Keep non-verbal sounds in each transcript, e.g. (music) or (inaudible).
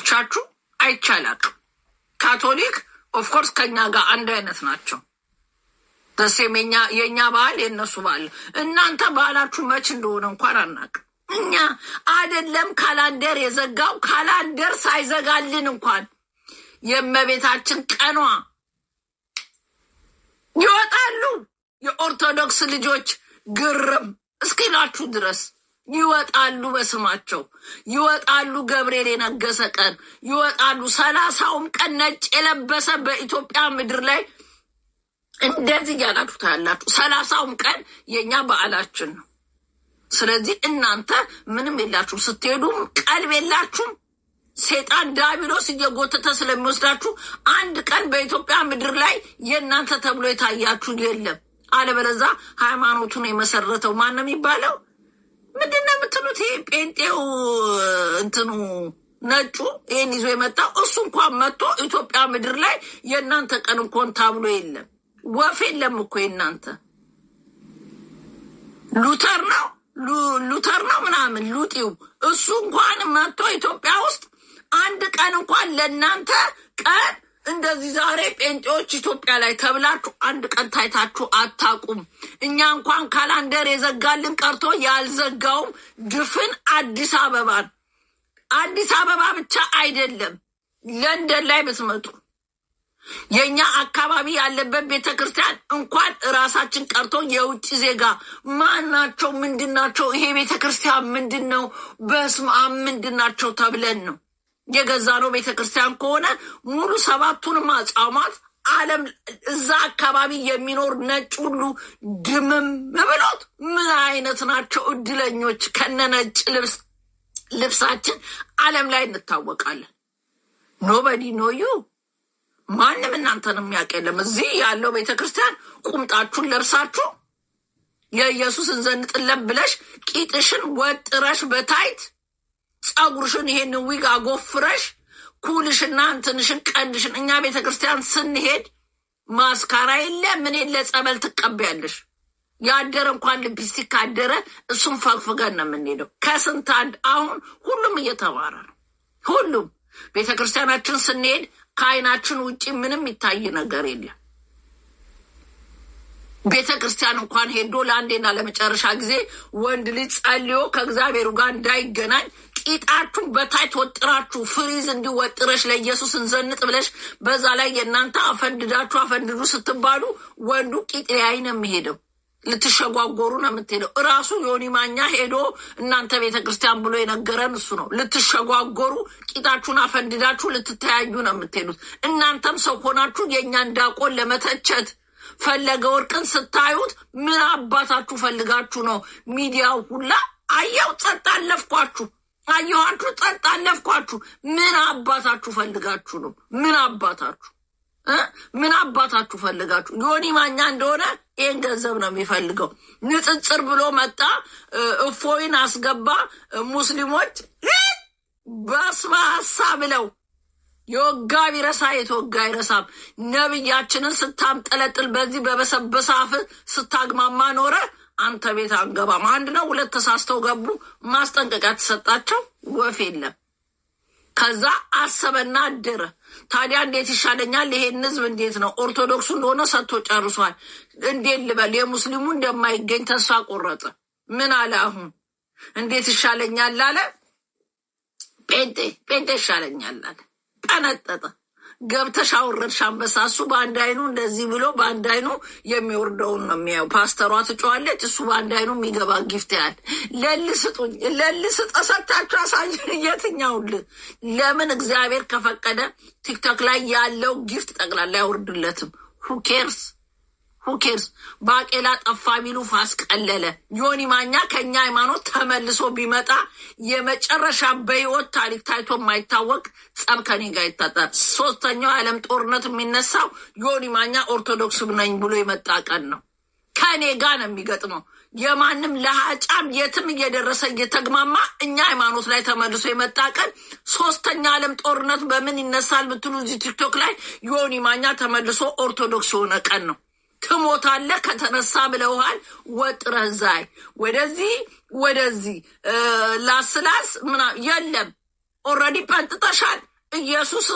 ብዙዎቻችሁ አይቻላችሁ። ካቶሊክ ኦፍኮርስ ከኛ ጋር አንድ አይነት ናቸው። ተሴም የእኛ ባህል የእነሱ በዓል። እናንተ ባህላችሁ መች እንደሆነ እንኳን አናቅ። እኛ አይደለም ካላንደር የዘጋው ካላንደር ሳይዘጋልን እንኳን የእመቤታችን ቀኗ ይወጣሉ የኦርቶዶክስ ልጆች ግርም እስኪላችሁ ድረስ ይወጣሉ፣ በስማቸው ይወጣሉ። ገብርኤል የነገሰ ቀን ይወጣሉ። ሰላሳውም ቀን ነጭ የለበሰ በኢትዮጵያ ምድር ላይ እንደዚህ እያላችሁ ታያላችሁ። ሰላሳውም ቀን የእኛ በዓላችን ነው። ስለዚህ እናንተ ምንም የላችሁም፣ ስትሄዱም ቀልብ የላችሁም። ሴጣን ዳቢሎስ እየጎተተ ስለሚወስዳችሁ አንድ ቀን በኢትዮጵያ ምድር ላይ የእናንተ ተብሎ የታያችሁ የለም። አለበለዛ ሃይማኖቱን የመሰረተው ማን ነው የሚባለው? ምንድን ነው የምትሉት? ይሄ ጴንጤው እንትኑ ነጩ ይህን ይዞ የመጣው እሱ እንኳን መጥቶ ኢትዮጵያ ምድር ላይ የእናንተ ቀን እንኳን ታብሎ የለም ወፍ የለም እኮ የእናንተ ሉተር ነው ሉተር ነው ምናምን ሉጢው እሱ እንኳን መጥቶ ኢትዮጵያ ውስጥ አንድ ቀን እንኳን ለእናንተ ቀን እንደዚህ ዛሬ ጴንጤዎች ኢትዮጵያ ላይ ተብላችሁ አንድ ቀን ታይታችሁ አታቁም። እኛ እንኳን ካላንደር የዘጋልን ቀርቶ ያልዘጋውም ድፍን አዲስ አበባን አዲስ አበባ ብቻ አይደለም፣ ለንደን ላይ ብትመጡ የእኛ አካባቢ ያለበት ቤተ ክርስቲያን እንኳን ራሳችን ቀርቶ የውጭ ዜጋ ማናቸው፣ ምንድናቸው፣ ይሄ ቤተ ክርስቲያን ምንድን ነው፣ በስመ አብ ምንድናቸው ተብለን ነው የገዛ ነው ቤተ ክርስቲያን ከሆነ ሙሉ ሰባቱን አጽዋማት ዓለም እዛ አካባቢ የሚኖር ነጭ ሁሉ ድምም ብሎት ምን አይነት ናቸው እድለኞች? ከነ ነጭ ልብስ ልብሳችን ዓለም ላይ እንታወቃለን። ኖበዲ ኖዩ ማንም እናንተን የሚያውቅ የለም። እዚህ ያለው ቤተ ክርስቲያን ቁምጣችሁን ለብሳችሁ የኢየሱስን ዘንጥለን ብለሽ ቂጥሽን ወጥረሽ በታይት ጸጉርሽን ይሄን ዊግ አጎፍረሽ ኩልሽና እንትንሽን ቀንድሽን። እኛ ቤተ ክርስቲያን ስንሄድ ማስካራ የለ ምን የለ ጸበል ትቀበያለሽ። ያደረ እንኳን ልብስቲክ ካደረ እሱም ፈግፍገን ነው የምንሄደው። ከስንት አንድ አሁን ሁሉም እየተማረ ነው። ሁሉም ቤተ ክርስቲያናችን ስንሄድ ከአይናችን ውጪ ምንም ይታይ ነገር የለም። ቤተ ክርስቲያን እንኳን ሄዶ ለአንዴና ለመጨረሻ ጊዜ ወንድ ልጅ ጸልዮ ከእግዚአብሔሩ ጋር እንዳይገናኝ ቂጣችሁ በታይት ወጥራችሁ ፍሪዝ እንዲወጥረሽ ለኢየሱስ እንዘንጥ ብለሽ በዛ ላይ የእናንተ አፈንድዳችሁ አፈንድዱ ስትባሉ ወንዱ ቂጥ ሊያይ ነው የሚሄደው። ልትሸጓጎሩ ነው የምትሄደው። እራሱ ዮኒ ማኛ ሄዶ እናንተ ቤተ ክርስቲያን ብሎ የነገረን እሱ ነው። ልትሸጓጎሩ ቂጣችሁን አፈንድዳችሁ ልትተያዩ ነው የምትሄዱት። እናንተም ሰው ሆናችሁ የእኛን ዲያቆን ለመተቸት ፈለገ ወርቅን ስታዩት ምን አባታችሁ ፈልጋችሁ ነው? ሚዲያው ሁላ አየው፣ ጸጥ አለፍኳችሁ። አየኋችሁ፣ ጠጥ አለፍኳችሁ። ምን አባታችሁ ፈልጋችሁ ነው? ምን አባታችሁ ምን አባታችሁ ፈልጋችሁ? ዮኒ ማኛ እንደሆነ ይህን ገንዘብ ነው የሚፈልገው። ንጽጽር ብሎ መጣ፣ እፎይን አስገባ። ሙስሊሞች በስመ ሀሳ ብለው የወጋ ቢረሳ የተወጋ አይረሳም። ነብያችንን ስታምጠለጥል በዚህ በበሰበሰ አፍ ስታግማማ ኖረ። አንተ ቤት አንገባም። አንድ ነው ሁለት ተሳስተው ገቡ። ማስጠንቀቂያ ተሰጣቸው። ወፍ የለም። ከዛ አሰበና አደረ። ታዲያ እንዴት ይሻለኛል? ይሄን ህዝብ እንዴት ነው ኦርቶዶክሱ እንደሆነ ሰጥቶ ጨርሷል። እንዴት ልበል? የሙስሊሙ እንደማይገኝ ተስፋ ቆረጠ። ምን አለ? አሁን እንዴት ይሻለኛል አለ። ጴንጤ ጴንጤ ይሻለኛል አለ። ቀነጠጠ። ገብተሽ አውረድሽ አንበሳ። እሱ በአንድ አይኑ እንደዚህ ብሎ በአንድ አይኑ የሚወርደውን ነው የሚያየው። ፓስተሯ ትጫዋለች፣ እሱ በአንድ አይኑ የሚገባ ጊፍት ያል ለልስጡኝ ለልስጥ ሰታችሁ አሳዩን። የትኛውል ለምን እግዚአብሔር ከፈቀደ ቲክቶክ ላይ ያለው ጊፍት ጠቅላላ አይወርድለትም? ሁኬርስ ሁኬርስ ባቄላ ጠፋ ቢሉ ፋስ ቀለለ። ዮኒ ማኛ ከእኛ ሃይማኖት ተመልሶ ቢመጣ የመጨረሻ በህይወት ታሪክ ታይቶ የማይታወቅ ጸብ ከኔ ጋር ሶስተኛው የዓለም ጦርነት የሚነሳው ዮኒ ማኛ ኦርቶዶክስ ነኝ ብሎ የመጣ ቀን ነው። ከእኔ ጋር ነው የሚገጥመው። የማንም ለሀጫም የትም እየደረሰ እየተግማማ እኛ ሃይማኖት ላይ ተመልሶ የመጣ ቀን ሶስተኛ ዓለም ጦርነት በምን ይነሳል ብትሉ እዚህ ቲክቶክ ላይ ዮኒ ማኛ ተመልሶ ኦርቶዶክስ የሆነ ቀን ነው። ትሞታለህ ከተነሳ ብለውሃል። ወጥረህ ዛይ ወደዚህ ወደዚህ ላስላስ ምና የለም። ኦልሬዲ ቀጥተሻል። ኢየሱስ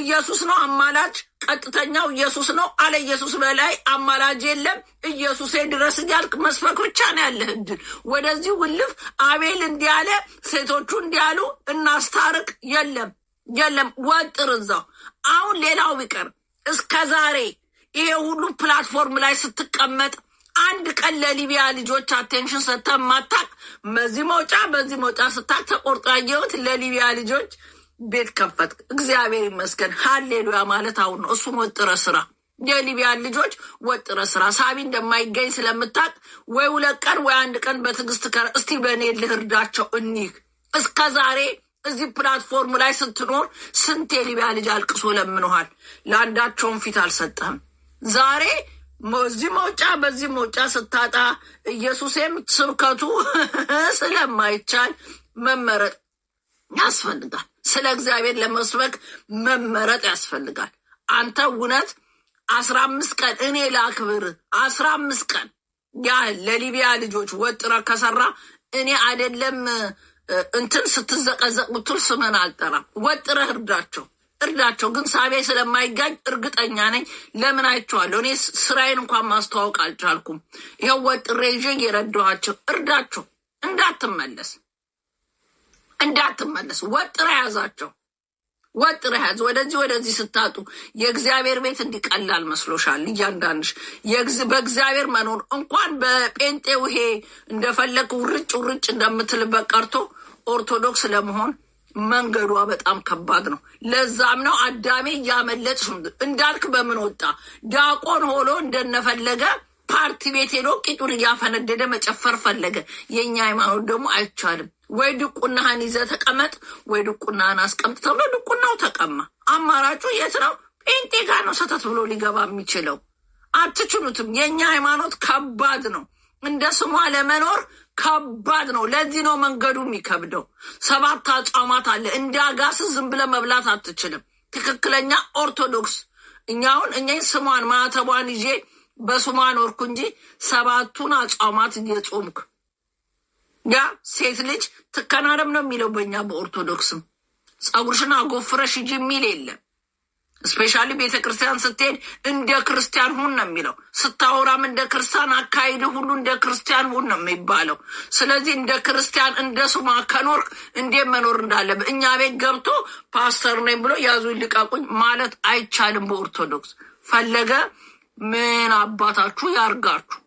ኢየሱስ ነው አማላጅ፣ ቀጥተኛው ኢየሱስ ነው። አለ ኢየሱስ በላይ አማላጅ የለም። ኢየሱሴ ድረስ እያልክ መስበክ ብቻ ነው ያለህ እድል። ወደዚህ ውልፍ አቤል እንዲያለ ሴቶቹ እንዲያሉ እናስታርቅ። የለም የለም፣ ወጥር እዛው። አሁን ሌላው ቢቀር እስከ ዛሬ ይሄ ሁሉ ፕላትፎርም ላይ ስትቀመጥ አንድ ቀን ለሊቢያ ልጆች አቴንሽን ሰጥተህ ማታቅ በዚህ መውጫ በዚህ መውጫ ስታቅ ተቆርጦ ያየሁት ለሊቢያ ልጆች ቤት ከፈት። እግዚአብሔር ይመስገን። ሀሌሉያ ማለት አሁን ነው። እሱም ወጥረ ስራ የሊቢያን ልጆች ወጥረ ስራ። ሳቢ እንደማይገኝ ስለምታቅ ወይ ሁለት ቀን ወይ አንድ ቀን በትዕግስት ከር እስቲ በእኔ ልህርዳቸው እኒህ እስከ ዛሬ እዚህ ፕላትፎርም ላይ ስትኖር ስንት የሊቢያ ልጅ አልቅሶ ለምንሃል። ለአንዳቸውም ፊት አልሰጠህም። ዛሬ በዚህ መውጫ በዚህ መውጫ ስታጣ ኢየሱሴም ስብከቱ (laughs) ስለማይቻል መመረጥ ያስፈልጋል። ስለ እግዚአብሔር ለመስበክ መመረጥ ያስፈልጋል። አንተ እውነት አስራ አምስት ቀን እኔ ላክብር አስራ አምስት ቀን ያ ለሊቢያ ልጆች ወጥረ ከሰራ እኔ አይደለም እንትን ስትዘቀዘቅ ብትል አልጠራም። ወጥረህ እርዳቸው። እርዳቸው። ግን ሳቢያ ስለማይጋጅ እርግጠኛ ነኝ። ለምን አይቼዋለሁ። እኔ ስራዬን እንኳን ማስተዋወቅ አልቻልኩም። ይኸው ወጥሬ ይዤ የረዳኋቸው። እርዳቸው፣ እንዳትመለስ እንዳትመለስ። ወጥረ ያዛቸው፣ ወጥረ ያዝ። ወደዚህ ወደዚህ ስታጡ የእግዚአብሔር ቤት እንዲቀላል መስሎሻል። እያንዳንድሽ በእግዚአብሔር መኖር እንኳን በጴንጤው ይሄ እንደፈለግ ውርጭ ውርጭ እንደምትልበት ቀርቶ ኦርቶዶክስ ለመሆን መንገዷ በጣም ከባድ ነው። ለዛም ነው አዳሜ እያመለጥሽ እንዳልክ በምን ወጣ ዳቆን ሆኖ እንደነፈለገ ፓርቲ ቤት ሄዶ ቂጡን እያፈነደደ መጨፈር ፈለገ። የእኛ ሃይማኖት ደግሞ አይቻልም። ወይ ድቁናህን ይዘ ተቀመጥ፣ ወይ ድቁናህን አስቀምጥ ተብሎ ድቁናው ተቀማ። አማራጩ የት ነው? ጴንጤ ነው ሰተት ብሎ ሊገባ የሚችለው። አትችሉትም። የእኛ ሃይማኖት ከባድ ነው። እንደ ስሟ ለመኖር ከባድ ነው። ለዚህ ነው መንገዱ የሚከብደው። ሰባት አጽዋማት አለ። እንደ አጋስ ዝም ብለ መብላት አትችልም። ትክክለኛ ኦርቶዶክስ እኛውን እኛኝ ስሟን ማተቧን ይዤ በስሟ ኖርኩ እንጂ ሰባቱን አጽዋማት እየጾምክ ያ ሴት ልጅ ትከናረም ነው የሚለው በእኛ በኦርቶዶክስም። ጸጉርሽን አጎፍረሽ ሂጂ የሚል የለም። ስፔሻሊ ቤተ ክርስቲያን ስትሄድ እንደ ክርስቲያን ሁን ነው የሚለው። ስታወራም እንደ ክርስቲያን አካሄድ ሁሉ እንደ ክርስቲያን ሁን ነው የሚባለው። ስለዚህ እንደ ክርስቲያን እንደ ስሟ ከኖር እንዴ መኖር እንዳለብህ እኛ ቤት ገብቶ ፓስተር ነኝ ብሎ ያዙ ይልቃቁኝ ማለት አይቻልም። በኦርቶዶክስ ፈለገ ምን አባታችሁ ያርጋችሁ።